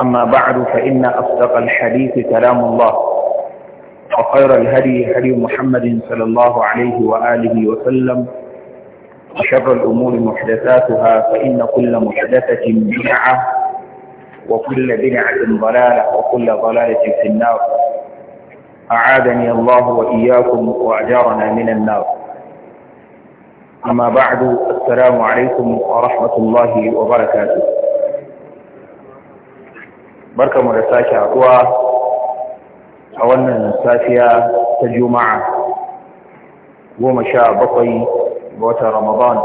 أما بعد فإن أصدق الحديث كلام الله وخير الهدي هدي محمد صلى الله عليه وآله وسلم وشر الأمور محدثاتها فإن كل محدثة بدعة وكل بدعة ضلالة وكل ضلالة في النار أعادني الله وإياكم وأجارنا من النار أما بعد السلام عليكم ورحمة الله وبركاته barka mu da sake haɗuwa a wannan safiya ta juma'a goma sha bakwai ga watan ramadan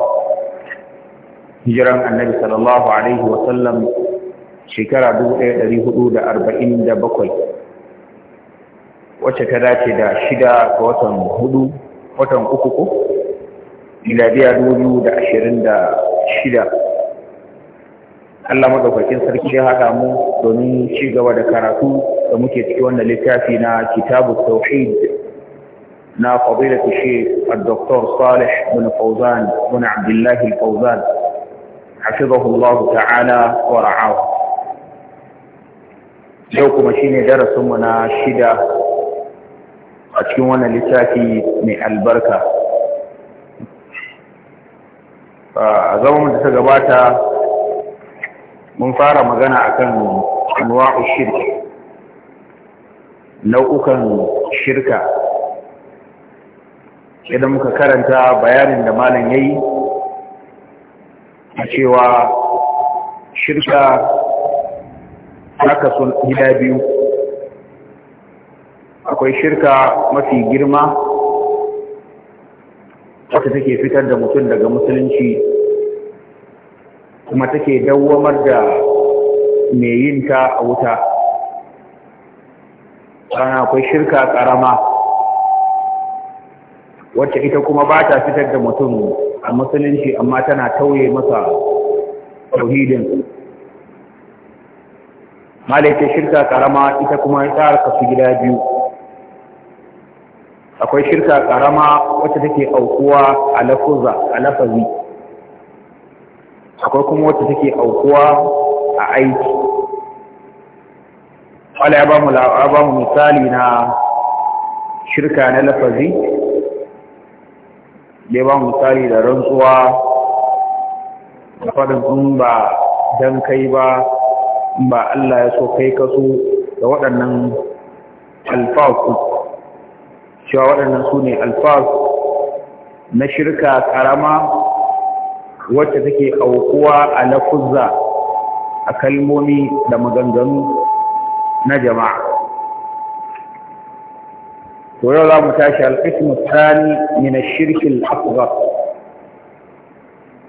hijiran annabi sallallahu alaihi wasallam shekara bakwai, wacce ta dace da shida ga watan hudu watan uku ko miladiya shida. Allah madaukakin sarki ya haɗa mu domin ci gaba da karatu da muke ciki wannan littafi na kitabu tauhid na fadilatu shi al-doktor salih bin Fawzan bin abdullahi Fawzan, hafizahu Allah ta'ala wa ra'ahu yau kuma shine darasin mu na shida a cikin wannan littafi mai albarka a zaman da ta gabata mun fara magana akan anwa'u shirk nau'ukan shirka idan muka karanta bayanin da malam yayi a cewa shirka haka sun gida biyu akwai shirka mafi girma wata take fitar da mutum daga musulunci kuma take dawwamar da mai yin ta a wuta rana akwai shirka karama wacce ita kuma ba ta fitar da mutum a musulunci amma tana tauye masa tauhidin malaita shirka karama ita kuma ya ta kasu gida biyu akwai shirka karama wacce take aukuwa a lafuza a lafazi akwai kuma wacce take aukuwa a aiki wala ya ba mu misali na shirka na lafazi ya ba misali da rantsuwa da faɗin in ba don kai ba in ba Allah ya so kai kasu da waɗannan alfasu cewa waɗannan su ne alfasu na shirka ƙarama wacce take aukuwa a lafuzza a kalmomi da maganganu na jama'a to yau za mu tashi alƙismu tsani na shirkin akbar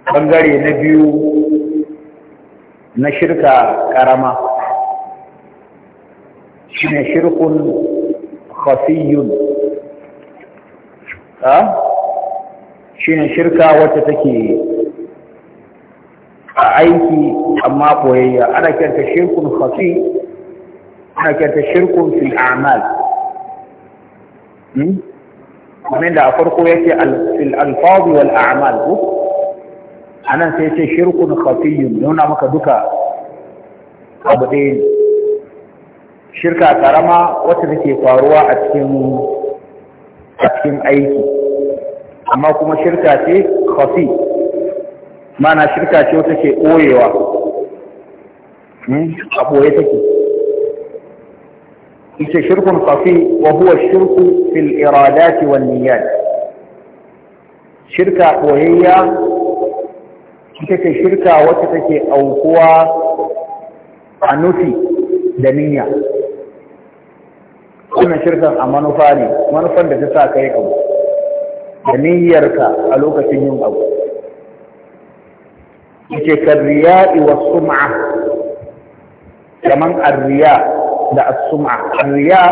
ɓangare na biyu na shirka ƙarama shi ne shirkun khafiyun shi ne shirka wacce take a aiki amma ɓoyayya ana kyanta shirkun khafi ana kyanta shirkun fil a'mal hmm? kamar da a farko yake fil alfazi wal a'mal ko anan sai ce shirkun khafiyun nuna maka duka abu ɗaya shirka karama wacce take faruwa a cikin a cikin aiki amma kuma shirka ce khafi mana shirka ce wata ke ɓoyewa hmm? a ɓoye take yace shirkun qafi wa huwa shirku fil iradat wan niyyat shirka koyayya ita ce shirka wacce take aukuwa a nufi da niyya wannan shirkan a manufa ne manufan da ta sa kai abu da niyyarka a lokacin yin abu yace karriya'i wa sum'a kaman arriya' da as-sum'a riya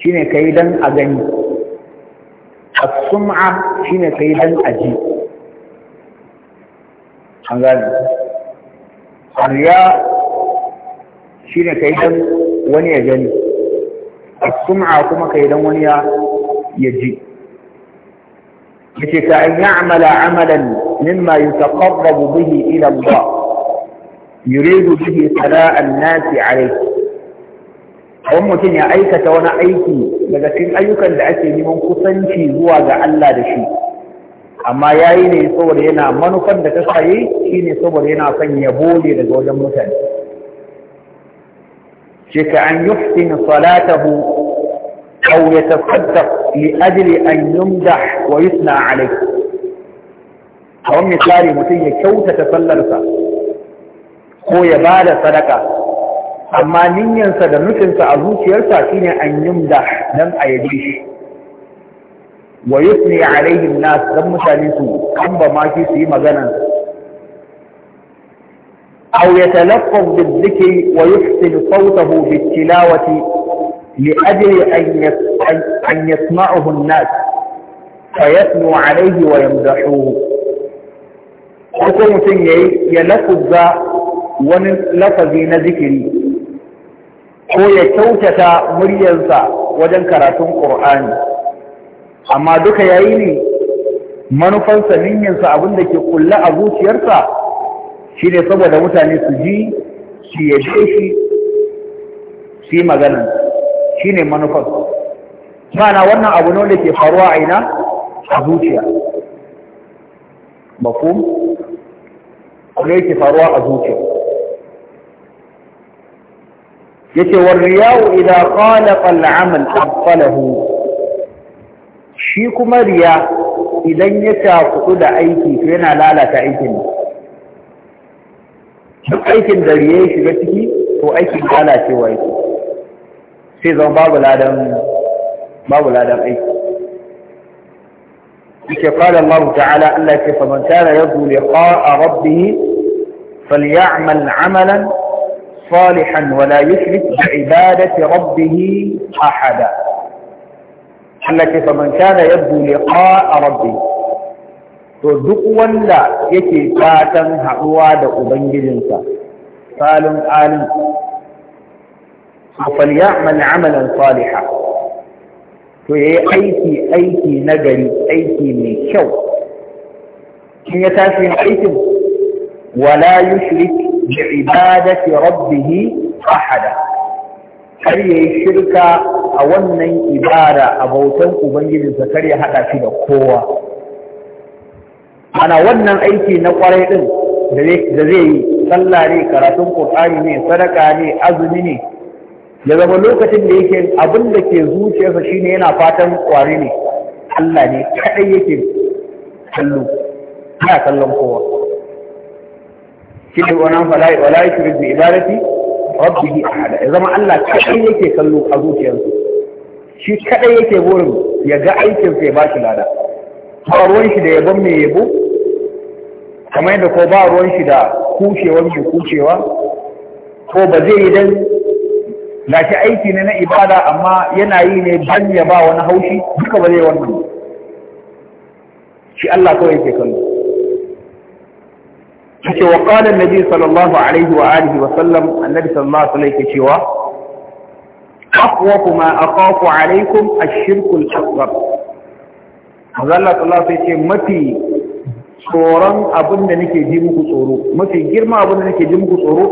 shine kai dan a gani as-sum'a shine kai dan a ji, an gani riya shine kai dan wani ya gani as-sum'a kuma kai dan wani ya ji yace ka an ya'mala amalan mimma yataqarrabu bihi ila Allah yuridu bihi sala'an nasi alayhi wani mutum ya aikata wani aiki daga cikin ayyukan da ake neman kusanci zuwa ga Allah da shi amma ya yi ne saboda yana manufan da ta saye shi ne saboda yana son ya bode daga wajen mutane shi ka an yuftin salatahu aw yatasaddaq li ajli an yumdah wa yusna alayh kawai misali mutum ya kyautata sallarsa ko ya bada sadaka amma niyyarsa da nufinsa a zuciyarsa shine an yumda dan a yabe shi wa yusni alaihim nas dan mutane su ba ma shi su yi magana aw yatalaqqab bizikri wa yuhsin sawtahu bitilawati li ajli an yasma'ahu an-nas fayasnu alayhi wa yamdahuhu ko mutum yayi ya lafuzza wani lafazi na zikiri ko ya kyautata muryarsa wajen karatun ƙur'ani amma duka yayi ne manufansa niyyarsa abinda ke kula a zuciyarsa shine saboda mutane su ji su yaje shi su yi magana ne manufansa mana wannan abu ne da ke faruwa a ina a zuciya makum abu ne ke faruwa a zuciya yace war riya'u idza khalaqa al-amal abtalahu shi kuma riya idan ya takudu da aiki to yana lalata aikin duk aikin da riya ya shiga ciki to aikin lalacewa yake sai zama babu ladan babu ladan aiki yake qala Allah ta'ala Allah ya ce faman kana yarju liqa'a rabbih falyamal 'amalan صالحا ولا يشرك بعبادة ربه أحدا التي فمن كان يبدو لقاء ربه to duk wanda yake fatan haɗuwa da ubangijinsa salin alin falyamal amalan saliha to yayi aiki aiki gari aiki mai kyau in ya tashi wala yushrik bi'ibadati rabbih ahada kar yayi shirka a wannan ibada a bautan ubangijinsa kar ya hada shi da kowa ana wannan aiki na kwarai din da zai yi sallah ne karatun qur'ani ne sadaka ne azumi ne ya zama lokacin da yake abin da ke zuciyarsa shine yana fatan kwari ne Allah ne kadai yake kallo ba kallon kowa kila ne wannan fala'i wala yushrik bi ibadati rabbih ahada ya zama Allah kadai yake kallo a zuciyarsa shi kadai yake burin ya ga aikin sa ya ba shi lada ba ruwan shi da yabon mai yabo kamar yadda ko ba ruwan shi da kushewa mai kushewa ko ba zai yi dan gashi aiki ne na ibada amma yana yi ne ban ya ba wani haushi duka ba zai wannan shi Allah kawai yake kallo yake wa na annabi sallallahu alaihi wa alihi wa sallam annabi sallallahu alaihi yake cewa aqwa ma aqafu alaikum a shirku al-akbar Allah sallallahu alaihi ce mafi tsoron abin da nake ji muku tsoro mafi girma abin da nake ji muku tsoro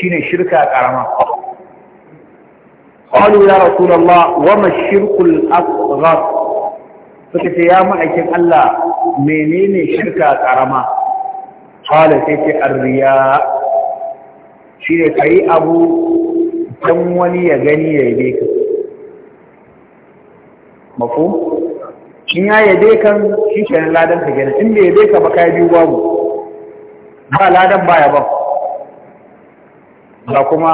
shine shirka ƙarama. karama قالوا يا رسول الله وما الشرك الأصغر ya يا مأكين الله منين شركة ƙarama? kala sai ce arriya shi ne ka yi abu don wani ya gani ya yi ka mafu in ya yi kan shi ke ladan ka gani inda yabe ka baka biyu babu ba ladan baya ba ba kuma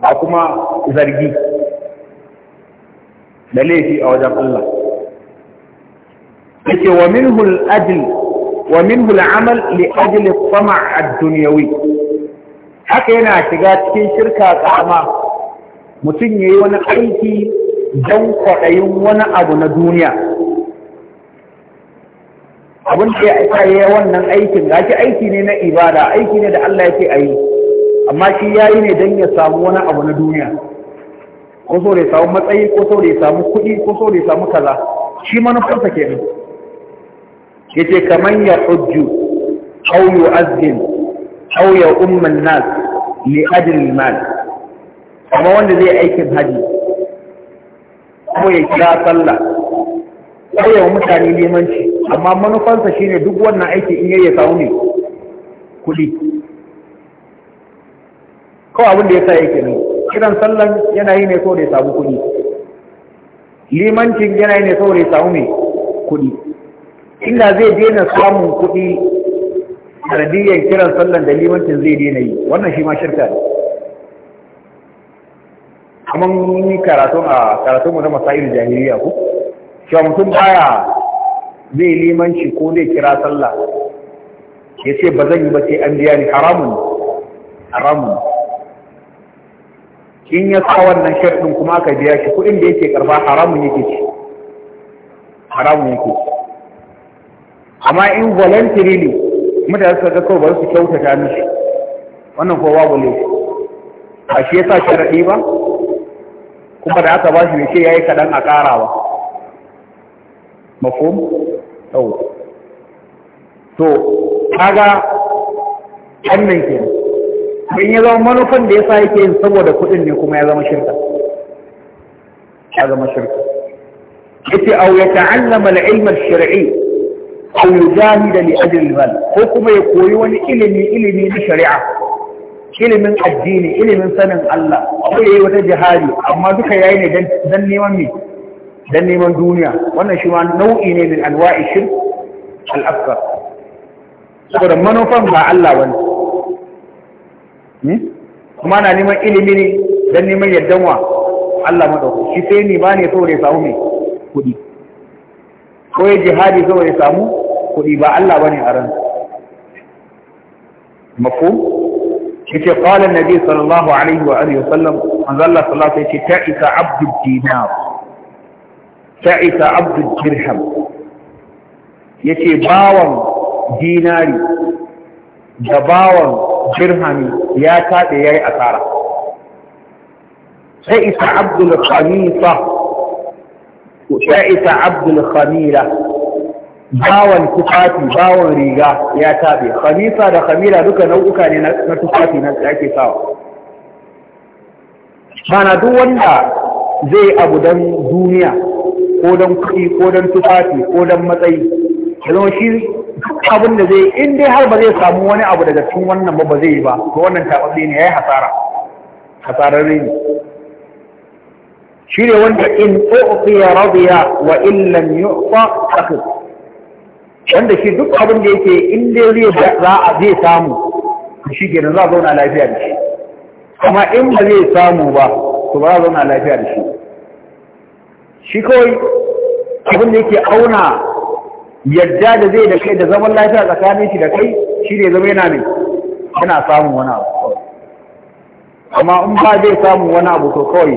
ba kuma zargi da laifi a wajen Allah Ake wa minhul adil. ومنه العمل لأجل الطمع الدنيوي haka yana shiga cikin shirka tsama mutum ya yi wani aiki don kwaɗayin wani abu na duniya da ya aika ya wannan aikin ga shi aiki ne na ibada aiki ne da Allah yake a yi amma shi ya yi ne don ya samu wani abu na duniya ko so da ya samu matsayi ko so da ya samu kuɗi ko so da ya samu kaza shi manufarsa kenan yace kaman ya hujju aw yu'azzin aw ya umman nas li ajli mal kuma wanda zai aikin haji ko ya kira sallah ko ya mutane limanci amma manufansa shine duk wannan aiki in yayi samu ne kuɗi ko abin da yasa yake ne kiran sallan yana yi ne saboda ya samu kuɗi limancin yana yi ne saboda ya samu ne kuɗi inda zai daina samun kuɗi sanadiyyar kiran sallan da limancin zai daina yi wannan shi ma shirka ne kamar yi karatun a karatunmu na masa'ir jahiliya ku cewa mutum baya zai limanci ko zai kira sallah ya ce ba zan yi ba sai an biya ni haramun haramun in ya sa wannan sharɗin kuma aka biya shi kuɗin da yake karba haramun yake ci haramun yake ci amma in ne mutane suka ga kawai su kyautata mishi wannan kowa babu ne a shi yasa sharaɗi ba kuma da aka ba shi ne ce yayi kaɗan a ƙara ba mafum tau to kaga wannan ke in ya zama manufan da ya sa yake yin saboda kuɗin ne kuma ya zama shirka ya zama shirka yace au ya ta'allama al-ilm al-shar'i aw yujahida li ajli al ko kuma ya koyi wani ilimi ilimi na shari'a ilimin addini ilimin sanin Allah ko yayi wata jihadi amma duka yayi ne dan dan neman duniya wannan shi nau'i ne min anwa'i shirk al-akbar saboda ba Allah bane hmm? kuma na neman ilimi ne dan neman Allah sai ni samu kuɗi ko ya jihadi saboda ya samu kuɗi ba Allah bane a ran mafu yace qala annabi sallallahu alaihi wa alihi wasallam manzo Allah sallallahu alaihi yace ta'isa abdu dinar ta'isa abdu dirham ce bawan dinari da bawan dirhami ya taɗe yi asara Ta isa abdul khamisa isa abdul khamila bawon tufafi bawon riga ya tabe khamisa da khamila duka nau'uka ne na tufafi na ake sawa mana duk wanda zai abu don duniya ko don kuɗi ko don tufafi ko don matsayi zama shi abin da zai in dai har ba zai samu wani abu daga cikin wannan ba ba zai yi ba ko wannan taɓaɓɓe ne ya yi hasara Hasarar ne shi ne wanda in tsofiya radiya wa illan yu'ta akhir wanda shi duk abin da yake in dai zai zai samu shi ke za a zauna lafiya da shi amma in ba zai samu ba to ba za a zauna lafiya da shi shi kawai abin da yake auna yadda da zai da kai da zaman lafiya tsakanin shi da kai shi ne zama yana ne yana samun wani abu amma in ba zai samun wani abu to kawai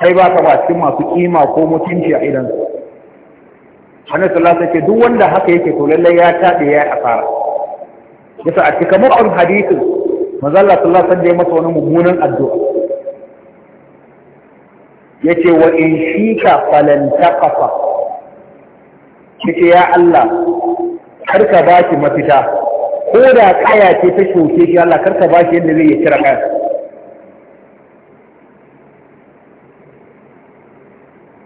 sai ba ka ba cikin masu kima ko mutunci a idansu annabi sallallahu ce duk wanda haka yake to lallai ya tabe ya asara yasa a cikin mu'min hadisin maza Allah sallallahu alaihi ya masa wani mummunan addu'a Ya ce wa in shi ka taqafa ƙafa? ya Allah karka shi mafita ko da kaya ce ta shoke shi Allah karka shi yadda zai yi kira kaya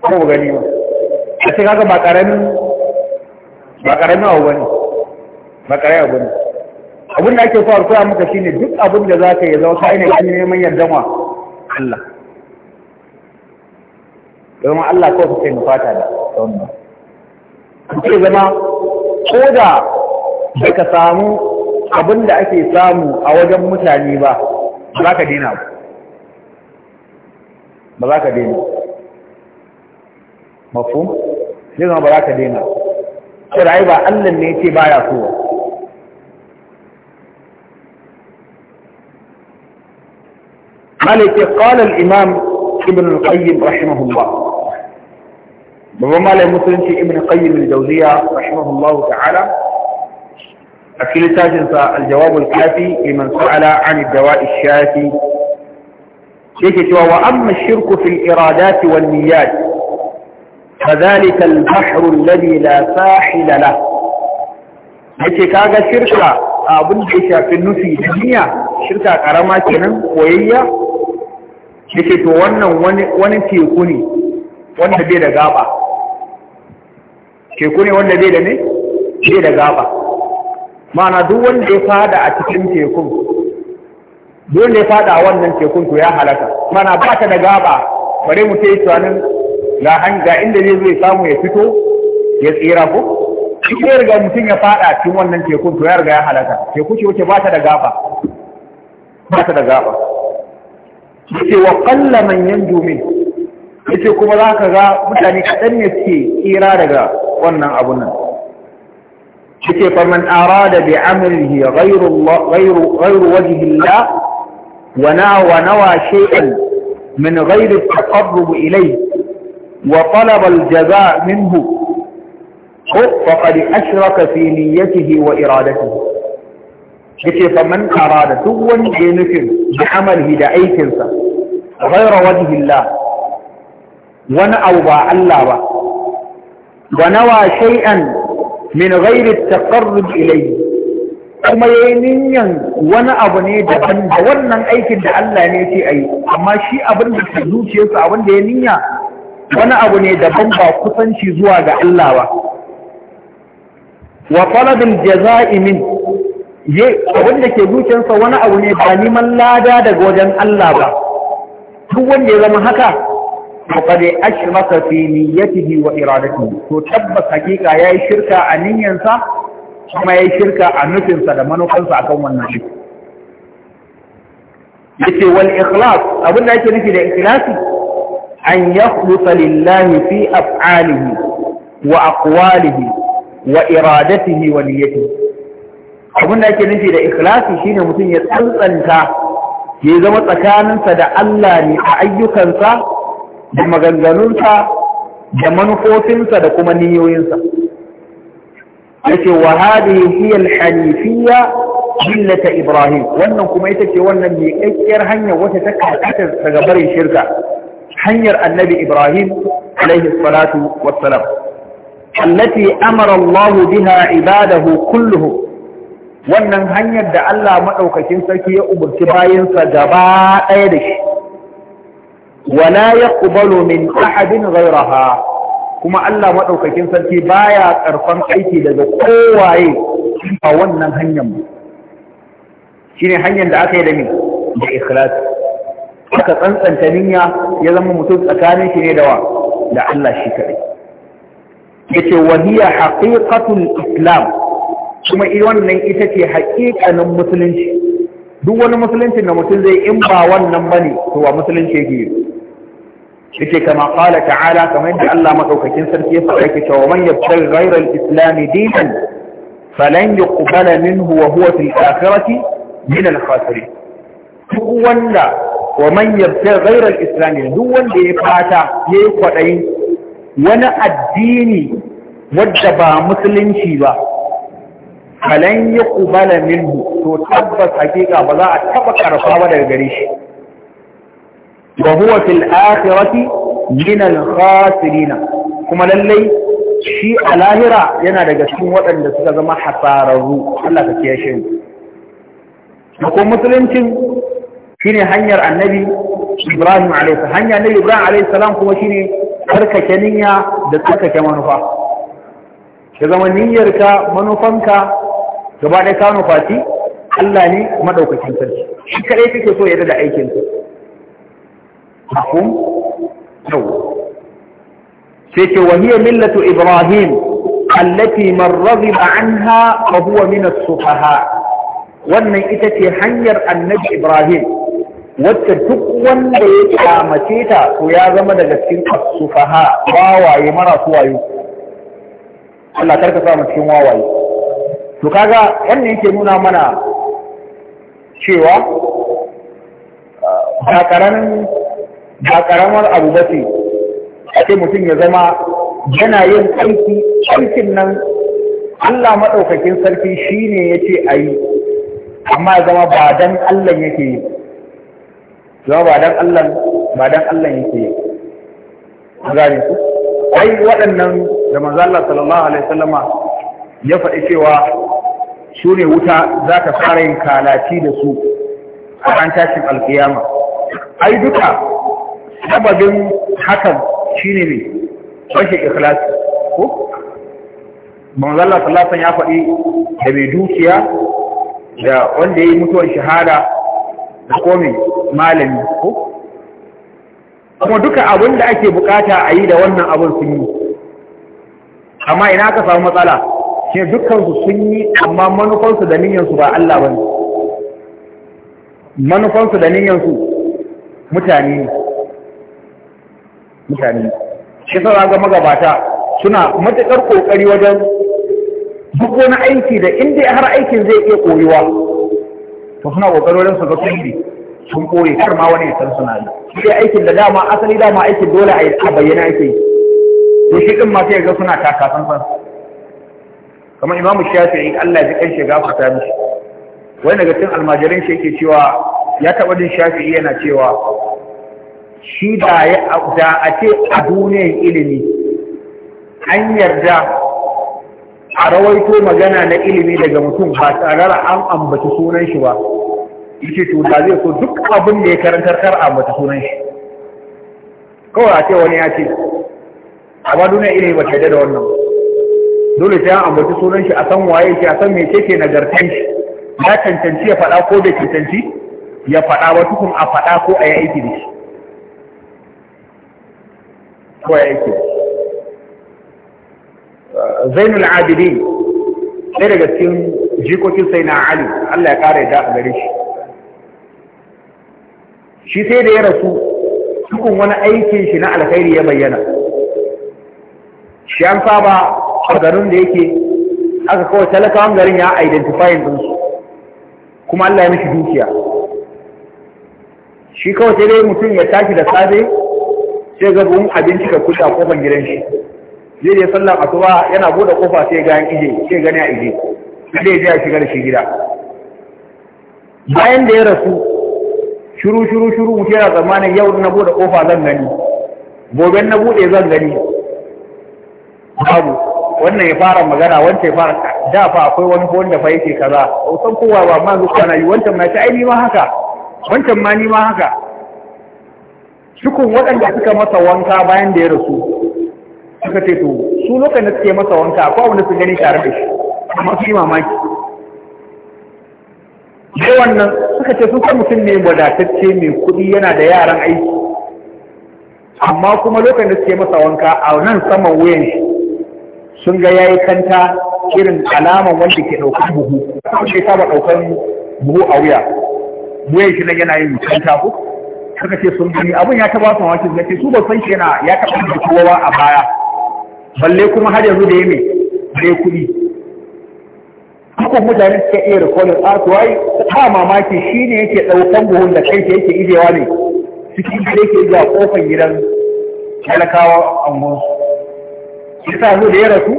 ko gani ba ce kaga ba karamin abu bane ba karamin abu bane abin da ake a koya maka shine duk abin da zaka yi zama kai ne neman yardan wa Allah domin Allah ko kake nufata da wannan kake zama ko da ka samu abin da ake samu a wajen mutane ba ba za ka dina ba ba za ka dina mafi sai zama ba za ka daina sai ra'ayi ba Allah ne yace baya so malike qala al-imam ibn al-qayyim rahimahullah babban malamin musulunci ibn qayyim al-jawziya rahimahullahu ta'ala a cikin littafinsa al-jawab al-kafi liman sa'ala 'an ad-dawa'i ash-shafi yake cewa wa amma shirku fil iradati wan niyyat فذلك البحر الذي لا ساحل له yake kaga shirka abin da ya shafi nufi duniya shirka karama kenan koyayya yake to wannan wani wani teku ne wanda bai da gaba teku ne wanda bai da ne bai da gaba ma'ana duk wanda ya fada a cikin tekun duk wanda ya fada a wannan tekun to ya halaka mana ba ta da gaba bare mu ta yi tunanin ga an ga inda zai zai samu ya fito ya tsira ko shi ya riga mutum ya fada cikin wannan tekun to ya riga ya halaka teku ce wace ba ta da gaba ba ta da gaba yace wa qalla man yanju min yace kuma za ka ga mutane kaɗan ne suke tsira daga wannan abun nan yace fa man arada bi amrihi ghayru Allah ghayru ghayru wajhi Allah wa nawa nawa shay'an min ghayri at-taqarrub ilayhi وطلب الجزاء منه فقد أشرك في نيته وإرادته yace faman arada duk wanda ya nufin bi amalihi da aikinsa ghayra wajhillah wani abu ba Allah ba wa nawa shay'an min ghayri at-taqarrub ilayhi kuma yayin niyan wani abu ne daban da wannan aikin da Allah ne yake ayi, amma shi abin da ke zuciyarsa abin da ya niyya wani abu ne daban ba kusanci zuwa ga Allah ba wa talabil jaza'i min ye abin da ke zuciyarsa wani abu ne ba neman lada daga wajen Allah ba duk wanda ya zama haka faqad ashraka fi niyyatihi wa iradatihi to tabbas hakika yayi shirka a niyyarsa kuma yayi shirka a nufinsa da manufansa akan wannan shi yace wal ikhlas abin da yake nufi da ikhlasi an yakhlusa lillahi fi af'alihi wa aqwalihi wa iradatihi wa niyyatihi abin da ake nufi da ikhlasi shine mutum ya tsantsanta ya zama tsakaninsa da Allah ne a ayyukansa da maganganunsa da manufofinsa da kuma niyoyinsa yake wa hadhihi hiya al-hanifiyya millata Ibrahim wannan kuma ita ce wannan mai kakkiyar hanya wata ta kakata daga barin shirka hanyar annabi Ibrahim alaihi salatu wassalam allati amara Allah biha ibadahu kulluhu wannan hanyar da Allah madaukakin sarki ya umurci bayansa gaba ɗaya da shi wala yaqbalu min ahadin ghayraha kuma Allah madaukakin sarki baya karfan aiki daga kowaye a wannan hanyar shine hanyar da aka yi da ni da ikhlasi aka tsantsanta niyya ya zama mutum tsakanin shi ne da wa da Allah shi kaɗai yace wa hiya haqiqatul islam kuma wannan ita ce haƙiƙanin musulunci duk wani musulunci da mutum zai in ba wannan bane to wa musulunci yake yi yake kama qala ta'ala kamar yadda Allah madaukakin sarki ya faɗa yake cewa man yabtaghi ghayra al-islam dinan falan yuqbala minhu wa huwa fil akhirati min al-khasirin duk wanda wa man yabta ghayra al duk wanda ya fata yayi kwaɗayi wani addini wadda ba musulunci ba falan yuqbala minhu to tabbas hakika ba za a taɓa karfa ba daga gare shi wa huwa fil akhirati min al-khasirin kuma lallai shi a lahira yana daga cikin waɗanda suka zama hasararru Allah ka kiyaye shi ko musuluncin shine hanyar annabi Ibrahim alaihi hanyar annabi Ibrahim alaihi salam kuma shine tsarkake niyya da tsarkake manufa ka zama niyyarka manufanka gaba ɗaya ka nufaci Allah ne madaukakin sarki shi kadai kake so ya da aikin ka yau sai ce wa millatu Ibrahim allati man raghiba anha fa huwa min sufaha wannan ita ce hanyar annabi Ibrahim wacce duk wanda ya kyamace ta to ya zama daga cikin asufaha wawaye marasu wayo Allah karka sa mu cikin wawaye to kaga wannan yake nuna mana cewa ba karamin ba karamar abu ba ce a ce mutum ya zama yana yin aiki aikin nan Allah maɗaukakin sarki shine ya ce a yi amma zama ba dan Allah yake yi zama ba dan Allah ba dan Allah yake yi gane ku ai waɗannan da manzo Allah sallallahu alaihi wasallama ya faɗi cewa su ne wuta za ta fara yin kalaci da su a ran tashin alkiyama ai duka sababin hakan shine ne rashin ikhlasi ko manzo Allah sallallahu alaihi wasallam ya faɗi da bai dukiya da wanda ya yi mutuwar shahada da komi malami ko kuma duka abin da ake bukata a yi da wannan abin sun yi amma ina aka samu matsala shi dukkansu sun yi amma manufansu da niyansu ba Allah ba manufansu da niyansu mutane ne mutane shi sa ga magabata suna matuƙar ƙoƙari wajen duk wani aiki da inda har aikin zai iya koyuwa to suna kokarin su ga kulli sun koye kar ma wani ya san suna yi shi aikin da dama asali dama aikin dole a bayyana ake yi to shi din ma sai ga suna takasan san kamar imamu shafi'i Allah ya kan shi gafarta mishi wani daga cikin almajirin shi yake cewa ya taɓa jin shafi'i yana cewa shi da a ce a duniyar ilimi an yarda a rawaito magana na ilimi daga mutum ba tare da an ambaci sunan shi ba yace to da zai so duk abin da ya karantar kar ambaci sunan shi kawai a ce wani ya ce a ba duniya ilimi ba ta da wannan dole sai an ambaci sunan shi a san waye shi a san me ke nagartan shi ya cancanci ya faɗa ko bai cancanci ya faɗa ba tukun a faɗa ko a yi aiki da shi ko ya aiki da shi zainul abidin sai daga cikin jikokin sai na ali Allah ya ƙara da a gare shi shi sai da ya rasu cikin wani aikin shi na alkhairi ya bayyana shi an saba a garin da yake aka kawai talakawan garin ya identifying ɗinsu kuma Allah ya mishi dukiya shi kawai sai dai mutum ya tashi da safe sai ga abinci ka kusa kofar gidan shi zai je sallar asuba yana bude kofa sai ga yan ije sai gani a ije sai ya shiga da shi gida bayan da ya rasu shuru shuru shuru mu yana tsammanin yau na bude kofa zan gani gobe na bude zan gani babu wannan ya fara magana wancan ya fara da fa akwai wani ko wanda fa yake kaza ko san kowa ba ma zuwa kana yi wancan ma ta ai ma haka wancan ma ni ma haka shukun waɗanda suka masa wanka bayan da ya rasu suka ce to su lokacin da suke masa wanka akwai wanda su gani tare da shi amma su yi mamaki sai wannan suka ce sun san mutum ne wadatacce mai kuɗi yana da yaran aiki amma kuma lokacin da suke masa wanka a nan saman wuyan shi sun ga yayi kanta irin alaman wanda ke ɗaukar buhu kuma shi saba ɗaukar buhu a wuya wuyan shi nan yana yin kanta ko suka ce sun gani abin ya taba su mamaki suka ce su ba san shi yana ya taɓa da kowa a baya balle kuma har yanzu da ya mai da kuɗi haka mutane suka iya rikolin artwai ta mamaki shi ne yake ɗaukan buhun da kai yake ijewa ne cikin da yake zuwa ƙofar gidan talakawa angon Ya sa zo da ya rasu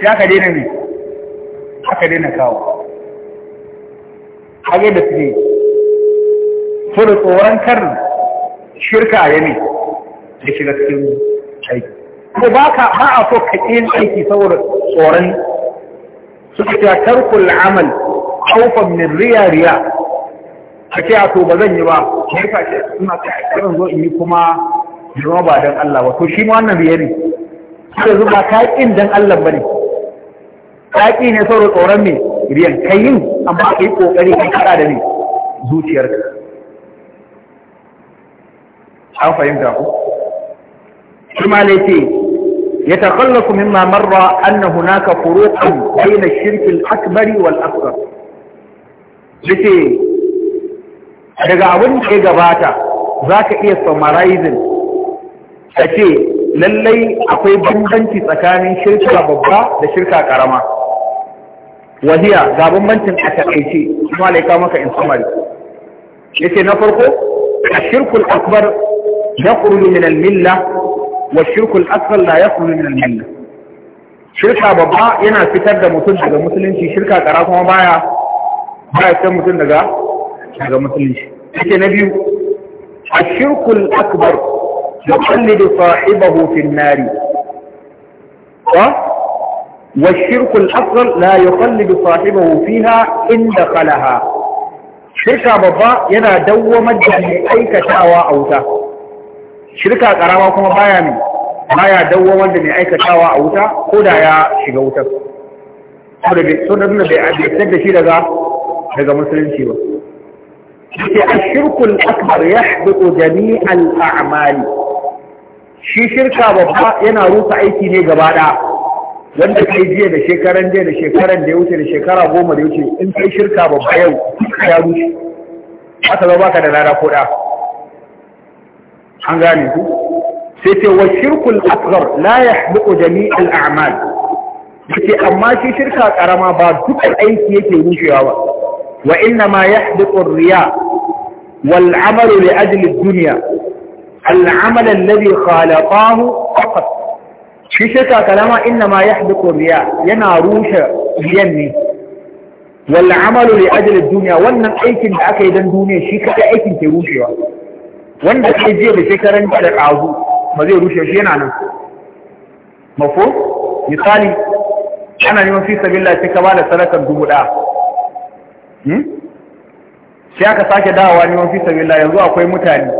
shi aka daina ne aka daina kawo hage da su ne so da tsoron kar shirka ya ne da shiga cikin aiki ko ba ka ba a so ka yin aiki saboda tsoron ka ce tarkul amal haufan min riya riya a ce a to ba zan yi ba ne ka ce suna ta aikin zo in yi kuma zama ba don Allah ba to shi ma wannan riya ne ka zuba ka ƙin don Allah ba ne ka ƙi ne saboda tsoron me riyan ka yin amma ka yi ƙoƙari ka kaɗa da ne zuciyarka an fahimta ku shi ma laifi يتخلص مما مر أن هناك فروقا بين الشرك الأكبر والأكبر لكي daga abun da ya gabata zaka iya summarizing ka ce lallai akwai bambanci tsakanin shirka babba da shirka karama wahiya ga bambancin a takaice kuma laika maka in summary yace na farko ashirkul akbar yakhruju min al-milla wa shirkul asfal la yakhlu min al-milla shirka babba yana fitar da mutum daga musulunci shirka kara kuma baya baya fitar mutum daga daga musulunci yake na biyu ashirkul akbar yuqallidu sahibahu fi an-nar والشرك الأصغر لا يقلد صاحبه فيها إن دخلها شركة بابا ينا دوما aikatawa a wuta. shirka karama kuma baya ne baya dawo wanda mai aikatawa a wuta ko da ya shiga wutar so da nuna bai abin da shi daga daga musulunci ba a ashirkul akbar ya haɗu jami'al a'mali shi shirka babba yana rusa aiki ne gaba ɗaya wanda kai jiya da shekaran jiya da shekaran da ya wuce da shekara goma da ya wuce in kai shirka babba yau ya rushe aka zo baka da lada ko ɗaya عن ذلك سيتي والشرك الأصغر لا يحبط جميع الأعمال سيتي أما شي شركة أرما بعد ذكر أي سيتي ونشي هوا وإنما يحبق الرياء والعمل لأجل الدنيا العمل الذي خالطاه فقط شي شركة أرما إنما يحبط الرياء ينعروش ليني والعمل لأجل الدنيا وأن أيك أكيدا دوني شي كأيك تروشي هوا wanda kai jiya da shekaran da ƙazu ba zai rushe shi yana nan mafo misali ana neman fi sabilla sai ka ba da sadakar dubu ɗaya hmm? sai aka sake dawowa neman fi sabilla yanzu akwai mutane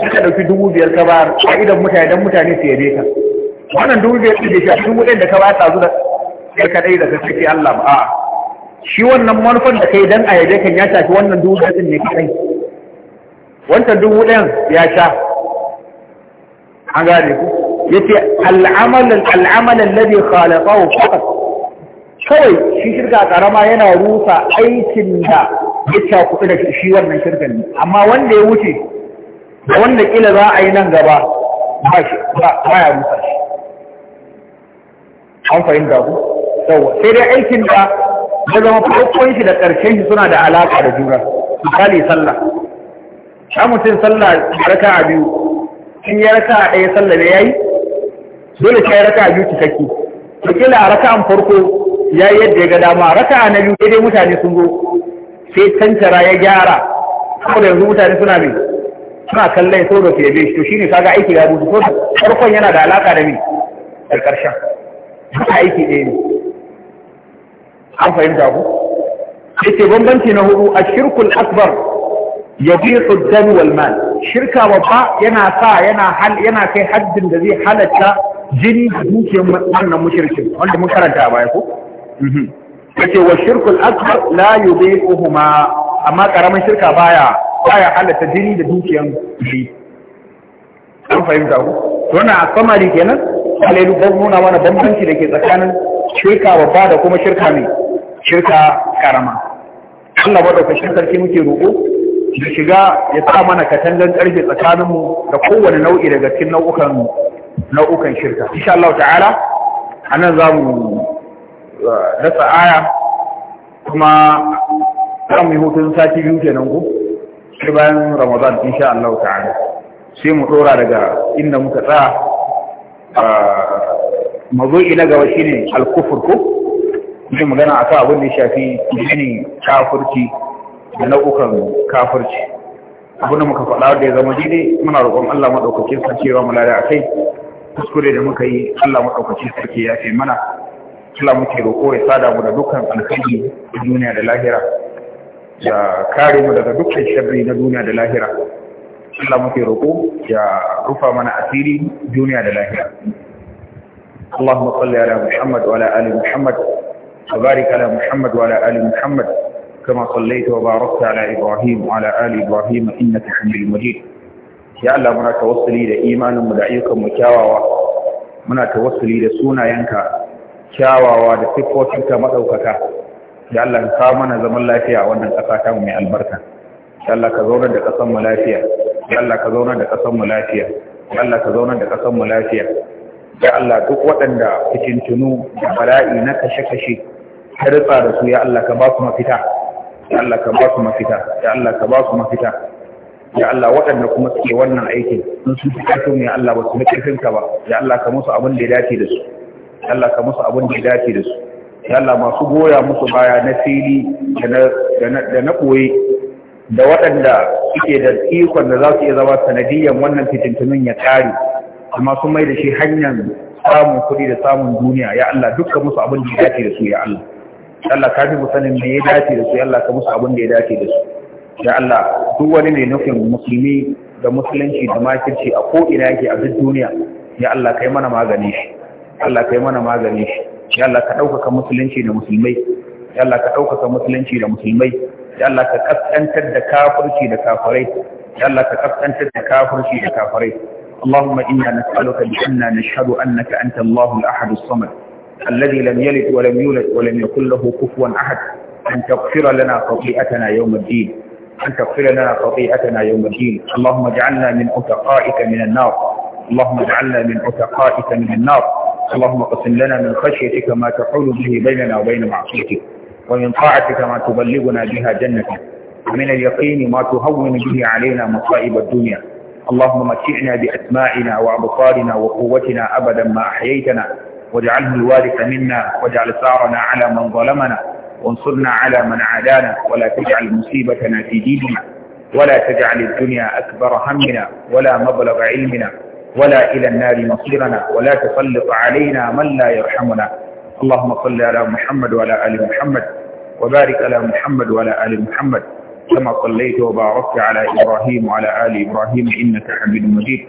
suka ɗauki dubu biyar ka bayar a idan mutane don mutane su yabe ka wannan dubu biyar ɗin da shi dubu ɗin da ka bayar ɗazu da ya kaɗai daga sake Allah ba a'a shi wannan manufan da kai dan a yabe kan ya shafi wannan dubu biyar ɗin ne kaɗai wancan dubu ɗayan ya sha an gane ku ya ce al'amalin lade khalafawo fakat kawai shi shirka karama yana rusa aikin da ya kuɗi da shi wannan shirkan ne amma wanda ya wuce da wanda ƙila za a yi nan gaba ba ya rusa shi an fahimta ku yawwa sai dai aikin da ya zama farkon shi da ƙarshen shi suna da alaƙa da juna misali sallah a mutum sallah raka a biyu in ya raka a ɗaya sallah ne ya yi dole yi raka a biyu cikakki ta kila a raka an farko ya yi yadda ya ga dama raka a na biyu dai mutane sun zo sai tantara ya gyara saboda yanzu mutane suna mai suna kallon sau da fiye shi to shine kaga aiki ya rubutu ko farkon yana da alaka da mai da ƙarshen haka aiki ɗaya ne an fahimta ku yace bambanci na hudu a shirkul akbar yabi'u ad-dam wal mal shirka babba yana sa yana hal yana kai haddin da zai halatta jini da dukiyar wannan mushrikin wanda mun karanta a baya ko mhm. ce wa shirkul akbar la yubi'uhuma amma karamin shirka baya baya halatta jini da dukiyar shi an fahimta ku wannan a samari kenan alailu ban nuna mana bambanci da ke tsakanin shirka babba da kuma shirka mai shirka karama Allah wadda ka sarki muke roƙo Da shiga ya sa mana katangan karfe tsakaninmu da kowane nau'i daga cikin nau'ukan nau'ukan shirka insha Allah ta'ala anan zamu uh, dasa aya kuma za mu yi hutun sati biyu kenan ko sai bayan Ramadan insha Allah ta'ala sai mu dora daga inda muka tsaya uh, mazo'i na gaba shine al kufur ko ne magana akan abin da ya shafi shine kafirci da nau'ukan kafirci abinda muka faɗa da ya zama daidai muna roƙon Allah maɗaukakin sarki ba mu lada kai kuskure da muka yi Allah maɗaukakin sarki ya fi mana Allah muke roƙo ya sada mu da dukkan alkhairi na duniya da lahira ya kare mu daga dukkan sharri na duniya da lahira Allah muke roƙo ya rufa mana asiri duniya da lahira اللهم صل على محمد وعلى آل محمد وبارك على محمد وعلى آل محمد كما صليت وباركت على إبراهيم وعلى آل إبراهيم إنك حميد مجيد يا الله منا توصلي da imanin da ayyukan mu kyawawa muna tawassuli da sunayenka kyawawa da siffofinka madaukaka ya Allah ka mana zaman lafiya a wannan ƙasa mu mai albarka ya Allah ka zauna da ƙasar lafiya ya Allah ka zauna da ƙasar lafiya ya Allah ka zauna da ƙasar lafiya ya Allah duk waɗanda fitintunu da bala'i na kashe-kashe ka da su ya Allah ka ba su mafita ya Allah ka ba su mafita ya Allah ka ba su mafita ya Allah waɗanda kuma suke wannan aikin sun su fi ƙarfin ya Allah ba su na ƙarfin ka ba ya Allah ka musu abin da ya dace da su ya Allah ka musu abin da ya dace da su ya Allah masu goya musu baya na fili da na koyi da waɗanda suke da ikon da za su iya zama sanadiyyar wannan fitintunin ya ƙare amma sun mai da shi hanyar samun kuɗi da samun duniya ya Allah dukkan musu abin da ya dace da su ya Allah Allah ka fi mu sanin me ya dace da su Allah ka musu abin da ya dace da su Ya Allah duk wani mai nufin musulmi da musulunci da makirci a ko ina yake a duk duniya ya Allah kai mana magani shi Allah kai mana magani shi ya Allah ka ɗaukaka musulunci da musulmai ya Allah ka ɗaukaka musulunci da musulmai ya Allah ka kaskantar da kafurci da kafirai ya Allah ka kaskantar da kafirci da kafirai اللهم إنا نسألك بأننا نشهد annaka أنت الله الأحد الصمد الذي لم يلد ولم يولد ولم يكن له كفوا أحد أن تغفر لنا خطيئتنا يوم الدين أن تغفر لنا خطيئتنا يوم الدين اللهم اجعلنا من عتقائك من النار اللهم اجعلنا من عتقائك من النار اللهم اقسم لنا من خشيتك ما تحول به بيننا وبين معصيتك ومن طاعتك ما تبلغنا بها جنتك ومن اليقين ما تهون به علينا مصائب الدنيا اللهم متعنا بأسماعنا وأبصارنا وقوتنا أبدا ما أحييتنا واجعله الوارث منا واجعل ثارنا على من ظلمنا وانصرنا على من عادانا ولا تجعل مصيبتنا في ديننا ولا تجعل الدنيا أكبر همنا ولا مبلغ علمنا ولا إلى النار مصيرنا ولا تسلط علينا من لا يرحمنا اللهم صل على محمد وعلى آل محمد وبارك على محمد وعلى آل محمد كما صليت وباركت على إبراهيم وعلى آل إبراهيم إنك حميد مجيد